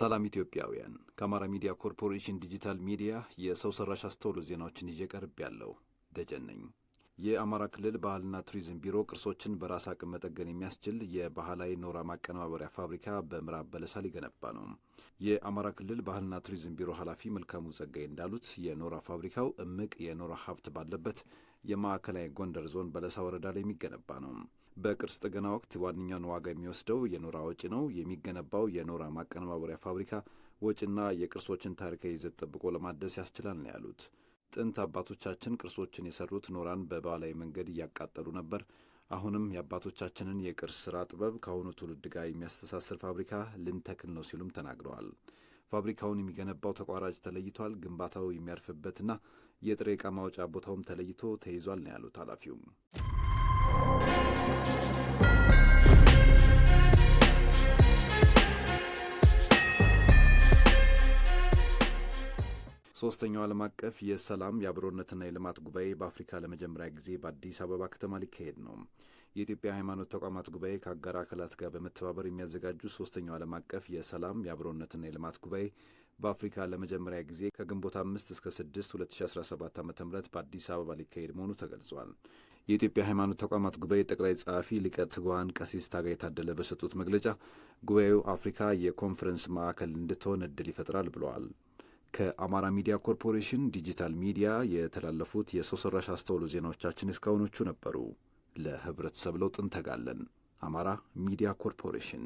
ሰላም ኢትዮጵያውያን፣ ከአማራ ሚዲያ ኮርፖሬሽን ዲጂታል ሚዲያ የሰው ሰራሽ አስተውሎት ዜናዎችን ይዤ ቀርብ ያለው ደጀን ነኝ። የአማራ ክልል ባህልና ቱሪዝም ቢሮ ቅርሶችን በራስ አቅም መጠገን የሚያስችል የባህላዊ ኖራ ማቀነባበሪያ ፋብሪካ በምዕራብ በለሳ ሊገነባ ነው። የአማራ ክልል ባህልና ቱሪዝም ቢሮ ኃላፊ መልካሙ ጸጋይ እንዳሉት የኖራ ፋብሪካው እምቅ የኖራ ሀብት ባለበት የማዕከላዊ ጎንደር ዞን በለሳ ወረዳ ላይ የሚገነባ ነው። በቅርስ ጥገና ወቅት ዋነኛውን ዋጋ የሚወስደው የኖራ ወጪ ነው። የሚገነባው የኖራ ማቀነባበሪያ ፋብሪካ ወጪና የቅርሶችን ታሪካዊ ይዘት ጠብቆ ለማደስ ያስችላል ነው ያሉት። ጥንት አባቶቻችን ቅርሶችን የሰሩት ኖራን በባህላዊ መንገድ እያቃጠሉ ነበር። አሁንም የአባቶቻችንን የቅርስ ስራ ጥበብ ከአሁኑ ትውልድ ጋር የሚያስተሳስር ፋብሪካ ልንተክል ነው ሲሉም ተናግረዋል። ፋብሪካውን የሚገነባው ተቋራጭ ተለይቷል። ግንባታው የሚያርፍበትና የጥሬ ዕቃ ማውጫ ቦታውም ተለይቶ ተይዟል ነው ያሉት ኃላፊውም ሶስተኛው ዓለም አቀፍ የሰላም የአብሮነትና የልማት ጉባኤ በአፍሪካ ለመጀመሪያ ጊዜ በአዲስ አበባ ከተማ ሊካሄድ ነው። የኢትዮጵያ ሃይማኖት ተቋማት ጉባኤ ከአጋር አካላት ጋር በመተባበር የሚያዘጋጁ ሶስተኛው ዓለም አቀፍ የሰላም የአብሮነትና የልማት ጉባኤ በአፍሪካ ለመጀመሪያ ጊዜ ከግንቦት 5 እስከ 6 2017 ዓ ም በአዲስ አበባ ሊካሄድ መሆኑ ተገልጿል። የኢትዮጵያ ሃይማኖት ተቋማት ጉባኤ ጠቅላይ ጸሐፊ ሊቀ ትጉሃን ቀሲስ ታጋይ ታደለ በሰጡት መግለጫ ጉባኤው አፍሪካ የኮንፈረንስ ማዕከል እንድትሆን እድል ይፈጥራል ብለዋል። ከአማራ ሚዲያ ኮርፖሬሽን ዲጂታል ሚዲያ የተላለፉት የሰው ሰራሽ አስተውሎ ዜናዎቻችን እስካሁኖቹ ነበሩ። ለህብረተሰብ ለውጥ እንተጋለን። አማራ ሚዲያ ኮርፖሬሽን